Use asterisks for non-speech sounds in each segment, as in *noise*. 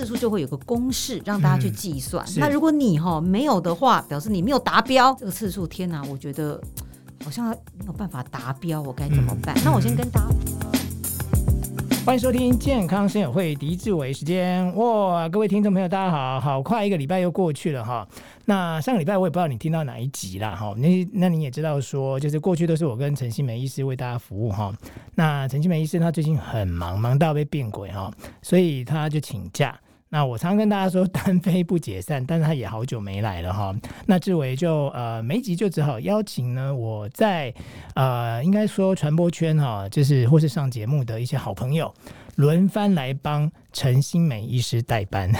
次數就會有個公式讓大家去計算，嗯。那如果你哈沒有的話，表示你沒有達標。這個次數，天吶，我覺得好像沒有辦法達標，我該怎麼辦，嗯？那我先跟大家，嗯嗯、歡迎收聽健康聲友會狄志為時間。哇，哦，各位聽眾朋友，大家好好，快一個禮拜又過去了哈。那上個禮拜我也不知道你聽到哪一集啦哈。那那你也知道說，就是過去都是我跟陳新梅醫師為大家服務哈。那陳新梅醫師他最近很忙，忙到被變鬼哈，所以他就請假。那我常常跟大家說，單飛不解散，但是他也好久沒來了哈。那志為就呃沒急，集就只好邀請呢，我在呃應該說傳播圈哈，就是或是上節目的一些好朋友，輪番來幫陳欣湄醫師代班。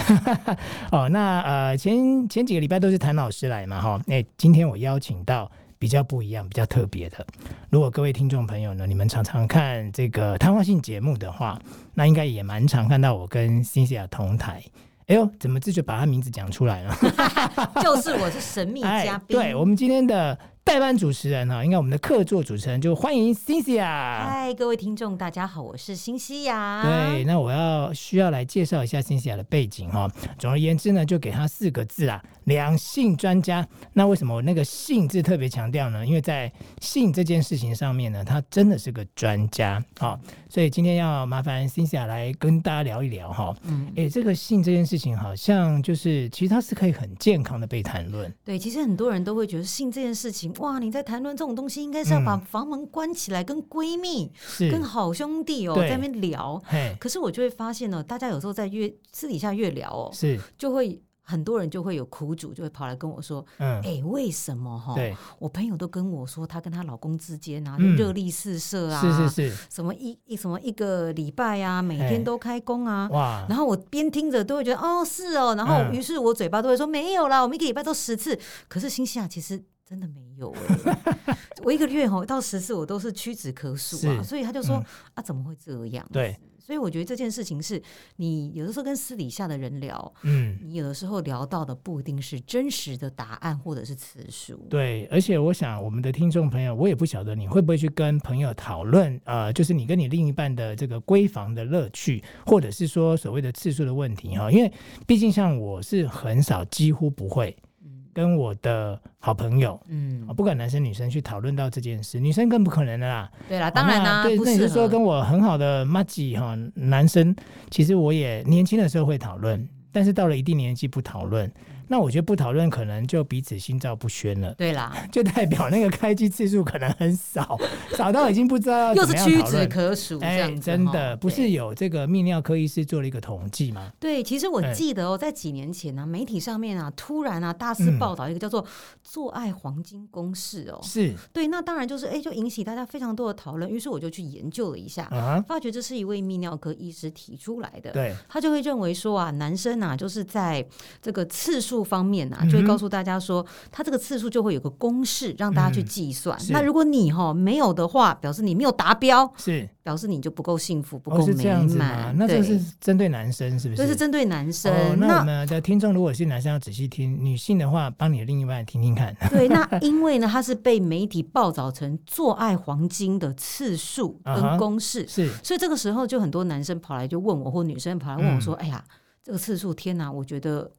*laughs* 哦，那呃前前幾個禮拜都是譚老師來嘛哈，那、欸、今天我邀請到，比較不一樣，比較特別的。如果各位聽眾朋友呢，你們常常看這個談話性節目的話，那應該也蠻常看到我跟欣西亞同台。哎呦，怎麼這就把他名字講出來了？ *laughs* 就是我是神秘嘉賓，對我們今天的。代班主持人啊，應該我們的客座主持人就歡迎欣西亞。嗨，各位聽眾，大家好，我是欣西亞。對，那我要需要來介紹一下欣西亞的背景哈、哦。總而言之呢，就給他四個字啊，兩性專家。那為什麼我那個“性”字特別強調呢？因為在性這件事情上面呢，他真的是個專家啊、哦。所以今天要麻煩欣西亞來跟大家聊一聊哈、哦。嗯，哎，這個性這件事情，好像就是其實它是可以很健康的被談論。對，其實很多人都會覺得性這件事情。哇！你在談論這種東西，應該是要把房門關起來跟，跟閨蜜、跟好兄弟哦、喔，在那邊聊。可是我就會發現哦、喔，大家有時候在越私底下越聊哦、喔，就會很多人就會有苦主，就會跑來跟我說：“嗯，哎、欸，為什麼我朋友都跟我說，她跟她老公之間啊，熱、嗯、力四射啊，是是是什麼一什麼一個禮拜啊，每天都開工啊，欸、然後我邊聽着都會覺得哦，是哦、喔，然後於是我嘴巴都會說、嗯、沒有啦，我們一個禮拜都十次。可是欣西亞其實。真的沒有哎、欸， *laughs* 我一個月吼到十次，我都是屈指可數啊。所以他就說、嗯、啊，怎麼會這樣？對，所以我覺得這件事情是，你有的時候跟私底下的人聊，嗯，你有的時候聊到的不一定是真實的答案，或者是次數。對，而且我想我們的聽眾朋友，我也不曉得你會不會去跟朋友討論，呃，就是你跟你另一半的這個閨房的樂趣，或者是說所謂的次數的問題哈。因為畢竟像我是很少，幾乎不會，跟我的好朋友，嗯，不管男生女生去討論到這件事，女生更不可能的啦，對啦，當然啦、啊哦，對，那就說跟我很好的麻吉哈，男生其實我也年輕的時候會討論、嗯，但是到了一定年紀不討論。嗯嗯。那我覺得不討論，可能就彼此心照不宣了。對啦， *laughs* 就代表那個開機次數可能很少， *laughs* 少到已經不知道又是屈指可數這樣子。哦，真的不是有這個泌尿科醫師做了一個統計嗎？對，其實我記得哦，在幾年前呢，啊，媒體上面啊，突然啊，大肆報道一個叫做“做、嗯、愛黃金公式”哦，是對。那當然就是哎，就引起大家非常多的討論。於是我就去研究了一下，啊，發覺這是一位泌尿科醫師提出來的。對，他就會認為說啊，男生啊，就是在這個次數。方面啊，就會告訴大家說，他、嗯、這個次數就會有個公式讓大家去計算、嗯。那如果你哈、喔、沒有的話，表示你沒有達標，是表示你就不夠幸福，不夠美滿、哦。那這是針對男生是不是？這是針對男生。哦、那我們在聽眾如果是男生，要仔細聽；女性的話，幫你的另一半聽聽看。 *laughs* 對，那因為呢，它是被媒體報道成做愛黃金的次數跟公式，啊、是所以這個時候就很多男生跑來就問我，或女生跑來問我說：“嗯、哎呀，這個次數，天哪，我覺得。”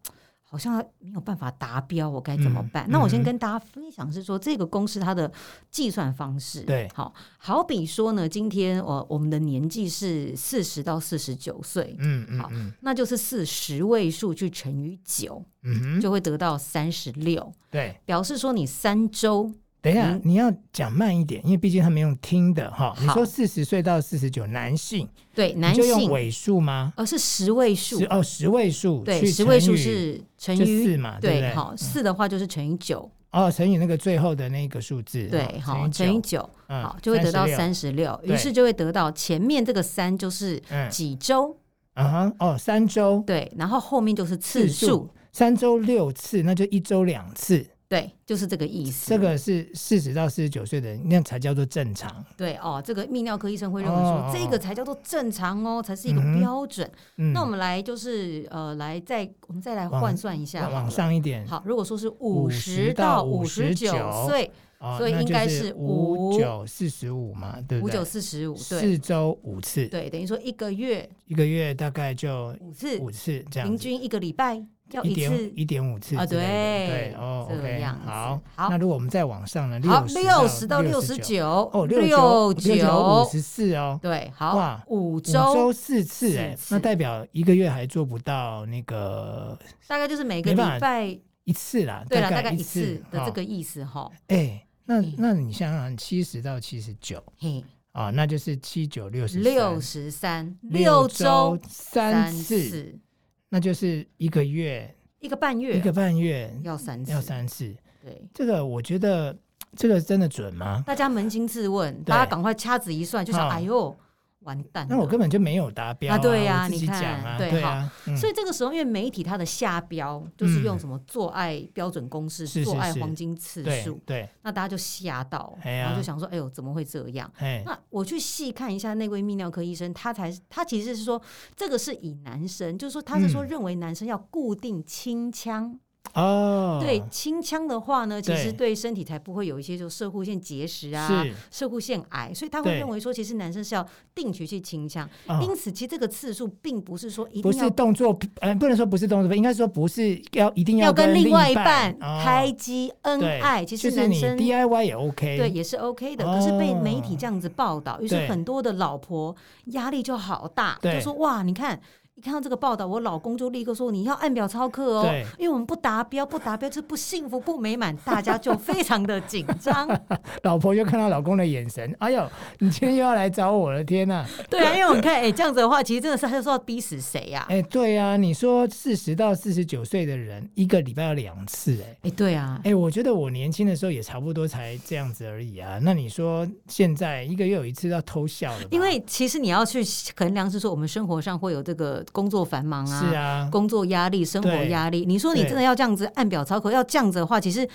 好像沒有辦法達標，我該怎麼辦？嗯、那我先跟大家分享是說、嗯，這個公式它的計算方式。對，好，好比說呢，今天我我們的年紀是四十到四十九歲，嗯嗯，好，嗯、那就是四十位數去乘以九、嗯，嗯就會得到三十六，對，表示說你三周。等一下，嗯、你要講慢一點，因為畢竟他們用聽的哈。你說四十歲到四十九，男性對，男性，你就用尾數嗎？哦、呃，是十位數。哦，十位數。對，十位數是乘以四嘛？對，對對好，四的話就是乘以九、嗯。哦，乘以那個最後的那個數字。對，好，乘以九、嗯。乘以九，好，就會得到三十六。於是就會得到前面這個三就是幾周、嗯？啊，哦，三周。對，然後後面就是次數。三周六次，那就一周兩次。對，就是這個意思。這個是四十到四十九歲的人，那才叫做正常。對哦，這個泌尿科醫生會認為說哦哦哦，這個才叫做正常哦，才是一個標準。嗯、那我們來就是呃，來再我們再來換算一下往，往上一點。好，如果說是五十到五十九歲，所以應該是五九四十五嘛，對不對？五九四十五，四周五次，對，等於說一個月，一個月大概就五次，五次這樣，平均一個禮拜。一點一點五次，次、啊、對對，對，哦，這個樣子，好。那如果我們再往上呢？好，六十到六十九，哦，六九五十四哦，對，好哇，五週，五週四次哎，那代表一個月還做不到那個，大概就是每個禮拜一次啦，對了，大概一次的這個意思哈。哎，那哎那你想想、哎，七十到七十九，嘿，啊，那就是七九六十六十三 63, 六周三次。三次那就是一個月，一個半月，啊，一個半月要三次，要三次，對，這個我覺得這個真的準嗎？大家捫心自問，大家趕快掐指一算，就想，哦、哎呦。完蛋！那我根本就沒有達標啊！啊對呀、啊，啊、你看，對，好，對、啊嗯。所以這個時候，因為媒體它的下標就是用什麼做愛標準公式，嗯、是是是做愛黃金次數，對，那大家就嚇到，然後就想說、啊：“哎呦，怎麼會這樣？”那我去細看一下那位泌尿科醫生，他才他其實是說，這個是以男生，就是說他是說，認為男生要固定清槍。嗯哦、oh,，對，清槍的話呢，其實對身體才不會有一些就攝護腺結石啊、攝護腺癌，所以他會認為說，其實男生是要定期去清槍。Uh, 因此，其實這個次數並不是說一定要不是動作、呃，不能說不是動作，應該說不是要一定要要跟另外一半、嗯、開機恩愛。其實男生、就是、DIY 也 OK，對，也是 OK 的，uh, 可是被媒體這樣子報道，於是很多的老婆壓力就好大，對就說哇，你看。看到這個報道，我老公就立刻說：“你要按表操課哦，因為我們不達標，不達標就不幸福不美滿。 *laughs* ”大家就非常的緊張。 *laughs* 老婆又看到老公的眼神：“哎呦，你今天又要來找我了，天哪、啊！”對啊，因為我們看，哎、欸，這樣子的話，其實真的是他就說要逼死誰呀、啊？哎、欸，對啊，你說四十到四十九歲的人一個禮拜要兩次、欸，哎，哎，對啊，哎、欸，我覺得我年輕的時候也差不多才這樣子而已啊。那你說現在一個月有一次要偷笑了？因為其實你要去衡量是說我們生活上會有這個。工作繁忙啊，啊工作壓力、生活壓力，你說你真的要這樣子按表操課，要這樣子的話，其實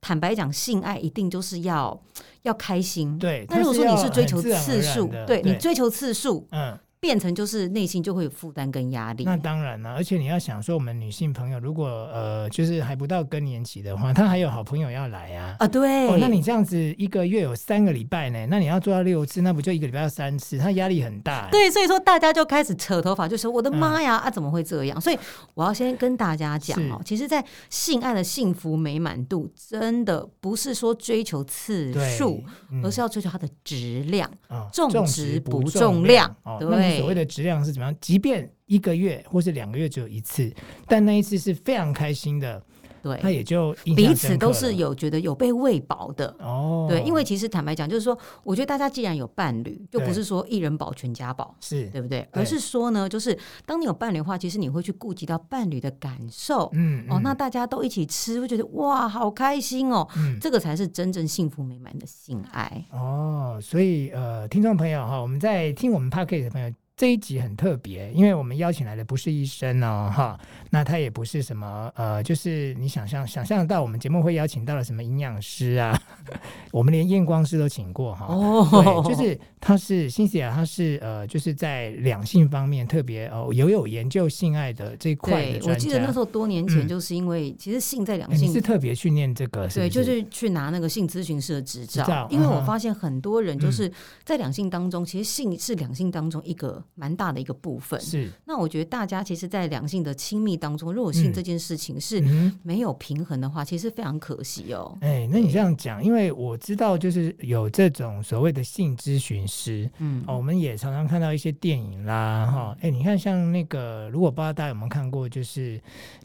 坦白講，性愛一定就是要要開心。對，但如果說你是追求次數，對，對，對你追求次數，嗯。變成就是內心就會有負擔跟壓力，那當然了、啊。而且你要想說，我們女性朋友如果呃，就是還不到更年期的話，她還有好朋友要來啊啊、呃，對、哦。那你這樣子一個月有三個禮拜呢，那你要做到六次，那不就一個禮拜要三次？她壓力很大、欸。對，所以說大家就開始扯頭髮，就說我的媽呀、嗯、啊，怎麼會這樣？所以我要先跟大家講哦，其實，在性愛的幸福美滿度，真的不是說追求次數、嗯，而是要追求它的質量，重、哦、質不重量，哦、對。所謂的質量是怎麼樣？即便一個月或是兩個月只有一次，但那一次是非常開心的。對，他也就彼此都是有覺得有被餵飽的哦。對，因為其實坦白講，就是說，我覺得大家既然有伴侶，就不是說一人飽全家飽，是對，對不對，對？而是說呢，就是當你有伴侶的話，其實你會去顧及到伴侶的感受。嗯，嗯哦，那大家都一起吃，會覺得哇，好開心哦、嗯。這個才是真正幸福美滿的性愛哦。所以呃，聽眾朋友哈，我們在聽我們 Podcast 的朋友。這一集很特別，因為我們邀請來的不是醫生哦，哈，那他也不是什麼呃，就是你想象想象到我們節目會邀請到了什麼營養師啊呵呵，我們連驗光師都請過哈，哦、對，就是他是、哦、欣西亞，他是呃，就是在兩性方面特別哦、呃，有有研究性愛的這塊。我記得那時候多年前就是因為其實性在兩性、嗯欸、是特別訓練這個是是，對，就是去拿那個性諮詢師的執照，執照，嗯，因為我發現很多人就是在兩性當中、嗯，其實性是兩性當中一個。蠻大的一個部分是，那我覺得大家其實，在兩性的親密當中，如果性這件事情是沒有平衡的話，嗯、其實非常可惜哦。哎、欸，那你這樣講，因為我知道就是有這種所謂的性諮詢師，嗯、哦，我們也常常看到一些電影啦，哈、哦，哎、欸，你看像那個，如果不知道大家有沒有看過，就是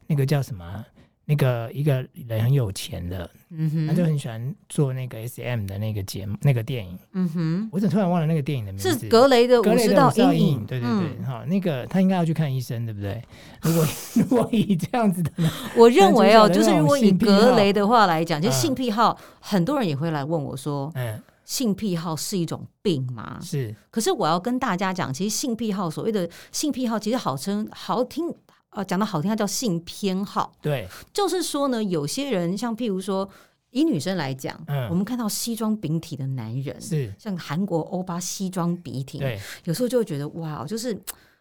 那個叫什麼、啊？那個一個人很有錢的，嗯哼，他就很喜歡做那個 S M 的那個節目、那個電影，嗯哼，我怎麼突然忘了那個電影的名字？是格雷的五十道陰影，到影，嗯，對對對，好，那個他應該要去看醫生，嗯、對不對，對？如果，那個嗯、那個、 *laughs* 如果以這樣子的， *laughs* 我認為哦、喔，就是如果以格雷的話來講，就、嗯、性癖好、嗯，很多人也會來問我說，嗯，性癖好是一種病嗎？是，可是我要跟大家講，其實性癖好，所謂的性癖好，其實好稱好聽。哦，講的好聽，它叫性偏好。對，就是說呢，有些人像譬如說，以女生來講、嗯，我們看到西裝筆挺的男人，是像韓國歐巴西裝筆挺，對，有時候就會覺得哇，就是。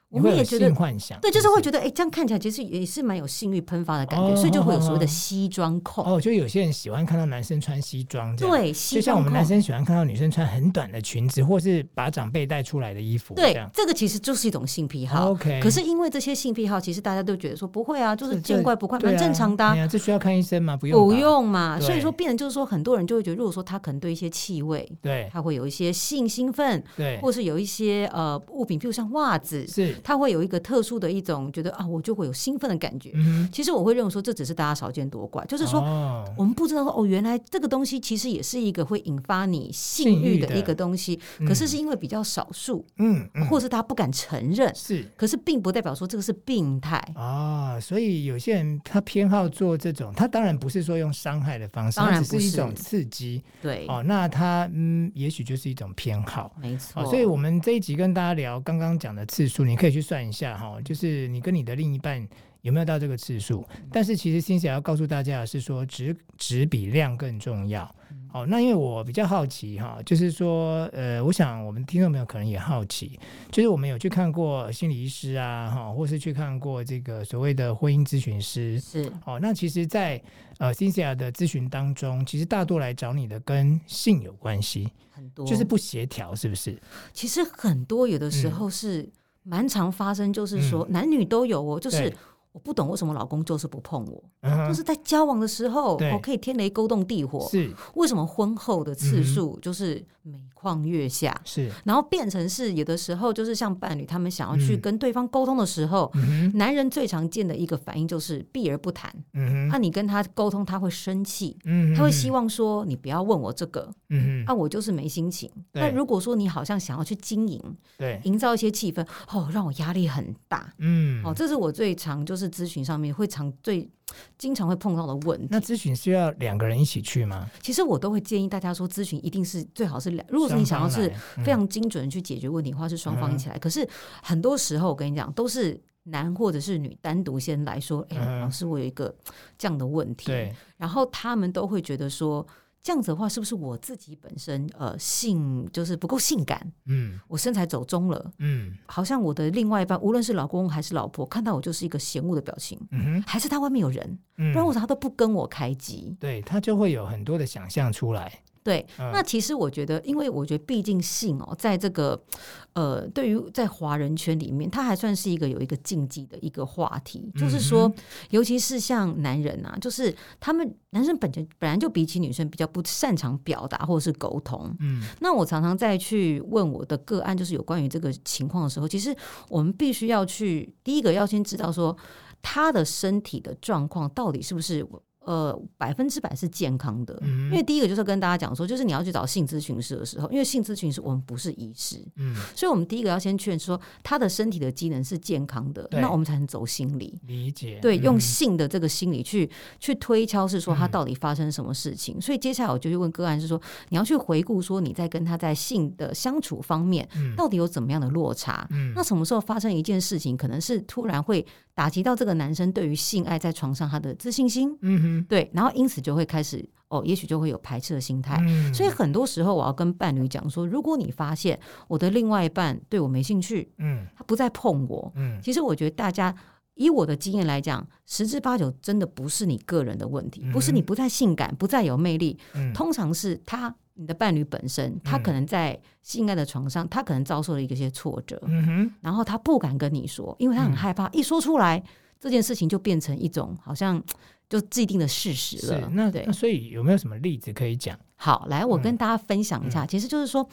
我們也覺得性幻想，對，就是會覺得哎，這樣看起來其實也是蠻有性慾噴發的感覺，哦，所以就會有所謂的西裝控。哦，就有些人喜歡看到男生穿西裝，對，西裝，就像我們男生喜歡看到女生穿很短的裙子，或是把長輩帶出來的衣服，對，這個其實就是一種性癖好。哦，OK，可是因為這些性癖好，其實大家都覺得說不會啊，就是見怪不怪，這這啊，蠻正常的，啊。這需要看醫生嗎？不用，不用嘛。所以說，變成就是說，很多人就會覺得，如果說他可能對一些氣味，對，他會有一些性興奮，對，或是有一些呃物品，譬如像襪子，是。他會有一個特殊的一種覺得啊，我就會有興奮的感覺。嗯，其實我會認為說，這只是大家少見多怪，就是說我們不知道哦，原來這個東西其實也是一個會引發你性慾的一個東西，可是是因為比較少數，嗯，或是他不敢承認是，可是並不代表說這個是病態啊、哦哦。所以有些人他偏好做這種，他當然不是說用傷害的方式，當然不是，只是一種刺激，對哦。那他嗯，也許就是一種偏好，沒錯、哦。所以我們這一集跟大家聊剛剛講的次數，你可以。可以去算一下哈，就是你跟你的另一半有沒有到這個次數、嗯？但是其實欣西亞要告訴大家的是說，質質比量更重要、嗯。哦，那因為我比較好奇哈，就是說，呃，我想我們聽眾朋友可能也好奇，就是我們有去看過心理醫師啊，哈，或是去看過這個所謂的婚姻諮詢師，是哦。那其實，在呃欣西亞的諮詢當中，其實大多來找你的跟性有關係，很多就是不協調，是不是？其實很多有的時候是、嗯。蠻常發生，就是說男女都有哦、嗯，就是我不懂為什麼老公就是不碰我、就、嗯、是在交往的時候我可以天雷勾動地火，是為什麼婚後的次數就是每況愈下、嗯，然後變成是有的時候就是像伴侶他們想要去跟對方溝通的時候、嗯，男人最常見的一個反應就是避而不談，那、嗯啊、你跟他溝通他會生氣、嗯，他會希望說你不要問我這個。嗯，那、啊、我就是沒心情。那如果說你好像想要去經營，對，營造一些氣氛，哦，讓我壓力很大。嗯，哦、這是我最常就是諮詢上面會常最經常會碰到的問題。那諮詢需要兩個人一起去嗎？其實我都會建議大家說，諮詢一定是最好是兩。如果你想要是非常精準的去解決問題的話，是雙方一起來。嗯、可是很多時候，我跟你講，都是男或者是女單獨先來說，嗯、哎，老師，我有一個這樣的問題、嗯。然後他們都會覺得說。這樣子的話，是不是我自己本身呃性就是不夠性感？嗯，我身材走中了，嗯，好像我的另外一半，無論是老公還是老婆，看到我就是一個嫌惡的表情，嗯哼，還是他外面有人，嗯，不然後他都不跟我開機，對，他就會有很多的想象出來。對，那其實我覺得，因為我覺得，畢竟性哦、喔，在這個，呃，對於在華人圈裡面，它還算是一個有一個禁忌的一個話題，嗯、就是說，尤其是像男人啊，就是他們男生本身本來就比起女生比較不擅長表達或是溝通，嗯，那我常常再去問我的個案，就是有關於這個情況的時候，其實我們必須要去第一個要先知道說他的身體的狀況到底是不是。呃，百分之百是健康的，嗯、因為第一個就是跟大家講說，就是你要去找性諮詢師的時候，因為性諮詢師我們不是醫師，嗯，所以我們第一個要先勸說他的身體的機能是健康的，那我們才能走心理理解，對、嗯，用性的這個心理去去推敲，是說他到底發生什麼事情、嗯。所以接下來我就去問個案是說，你要去回顧說你在跟他在性的相處方面，嗯、到底有怎麼樣的落差、嗯？那什麼時候發生一件事情，可能是突然會打擊到這個男生對於性愛在床上他的自信心？嗯對，然後因此就會開始哦，也許就會有排斥的心態。嗯、所以很多時候，我要跟伴侶講說，如果你發現我的另外一半對我沒興趣，嗯、他不再碰我、嗯，其實我覺得大家以我的經驗來講，十之八九真的不是你個人的問題，不是你不再性感，不再有魅力，嗯、通常是他你的伴侶本身，他可能在性愛的床上，他可能遭受了一些挫折、嗯哼，然後他不敢跟你說，因為他很害怕，嗯、一說出來這件事情就變成一種好像。就既定的事實了。是，那對，那所以有沒有什麼例子可以講？好，來我跟大家分享一下，嗯、其實就是說，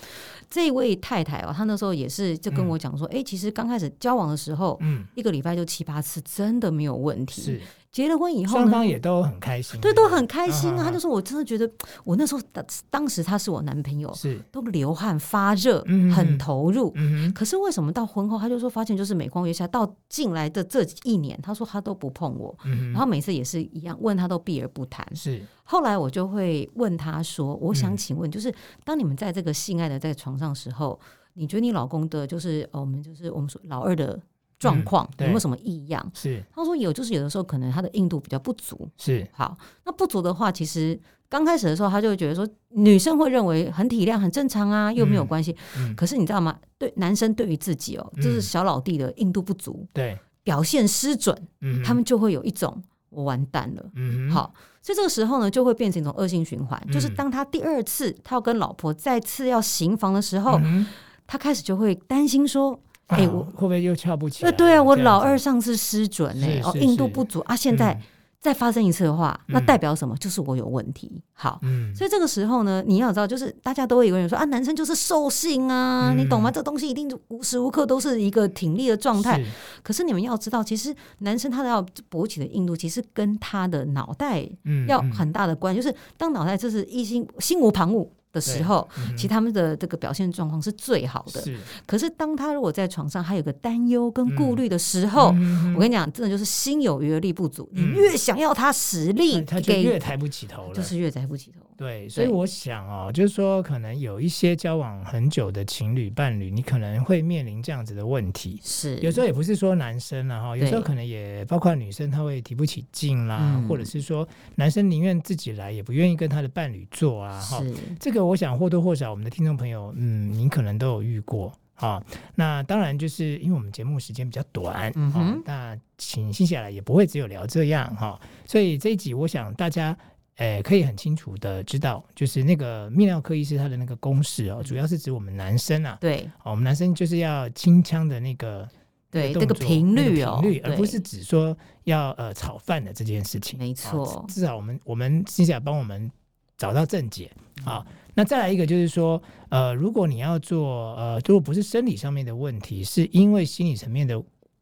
這位太太哦，她那時候也是就跟我講說，哎、嗯欸，其實剛開始交往的時候，嗯，一個禮拜就七八次，真的沒有問題。是結了婚以後呢，雙方也都很開心，對，對對都很開心啊。啊哈哈她就說，我真的覺得我那時候當當時他是我男朋友，是都流汗發熱、嗯，很投入、嗯嗯。可是為什麼到婚後，她就說發現就是每況愈下，到近來的這一年，她說她都不碰我，嗯、然後每次也是一樣，問她，都避而不談，是。後來我就會問他說：“我想請問，就是當你們在這個性愛的在床上的時候、嗯，你覺得你老公的就是我們就是我們說老二的狀況有沒有什麼異樣？”嗯、是他說有，就是有的時候可能他的硬度比較不足。是好，那不足的話，其實剛開始的時候，他就會覺得說女生會認為很體諒、很正常啊，又沒有關係、嗯嗯。可是你知道嗎？對男生對於自己哦、喔嗯，就是小老弟的硬度不足，嗯、對表現失準、嗯，他們就會有一種。我完蛋了、嗯，好，所以這個時候呢，就會變成一種惡性循環、嗯，就是當他第二次他要跟老婆再次要行房的時候，嗯、他開始就會擔心說，哎、嗯欸，我、啊、會不會又翹不起？對，對啊，我老二上次失準哎、欸，哦，硬度不足是是啊，現在、嗯。再發生一次的話，那代表什麼？嗯、就是我有問題。好、嗯，所以這個時候呢，你要知道，就是大家都會有個人說啊，男生就是獸性啊、嗯，你懂嗎？這東西一定無時無刻都是一個挺立的狀態、嗯。可是你們要知道，其實男生他要勃起的硬度，其實跟他的腦袋要很大的關、嗯嗯，就是當腦袋就是一心心無旁騖。的時候、嗯，其實他們的這個表現狀況是最好的。是。可是當他如果在床上還有個擔憂跟顧慮的時候，嗯嗯、我跟你講，真的就是心有餘而力不足、嗯。你越想要他實力，他就越抬不起頭了。就是越抬不起頭。對。所以我想哦、喔，就是說，可能有一些交往很久的情侶伴侶，你可能會面臨這樣子的問題。是。有時候也不是說男生啊哈，有時候可能也包括女生，她會提不起勁啦、嗯，或者是說男生寧願自己來，也不願意跟他的伴侶做啊哈。是。這個。我想或多或少，我們的聽眾朋友，嗯，您可能都有遇過啊、哦。那當然，就是因為我們節目時間比較短，嗯、哦、那請欣西亞來也不會只有聊這樣哈、哦。所以這一集，我想大家，誒、呃，可以很清楚的知道，就是那個泌尿科醫師他的那個公式哦、嗯，主要是指我們男生啊，對，哦、我們男生就是要清腔的那個，對，這個哦、那個頻率頻率，而不是指說要呃炒飯的這件事情，沒錯。至少我們我們欣西亞幫我們找到正解啊。嗯哦那再來一個就是說，呃，如果你要做，呃，如果不是生理上面的問題，是因為心理層面的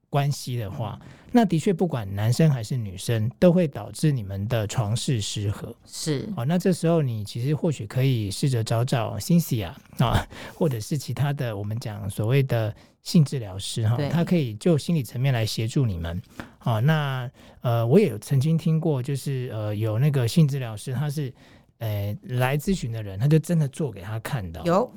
關係的話，那的確不管男生還是女生，都會導致你們的床事失和。是，哦，那這時候你其實或許可以試着找找欣西亞啊，啊，或者是其他的我們講所謂的性治療師哈，他、哦、可以就心理層面來協助你們。啊、哦，那呃，我也曾經聽過，就是呃，有那個性治療師，他是。誒、呃，來諮詢的人，他就真的做給他看到。有，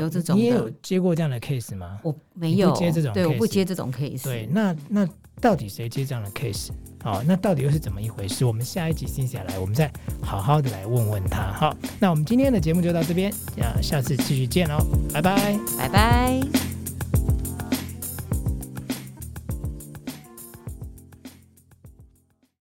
有這種，你也有接過這樣的 case 嗎？我沒有接這種，對，我不接這種 case。對，那那到底誰接這樣的 case？好，那到底又是怎麼一回事？我們下一集先下來，我們再好好的來問問他。好，那我們今天的節目就到這邊，下次繼續見哦，拜拜，拜拜。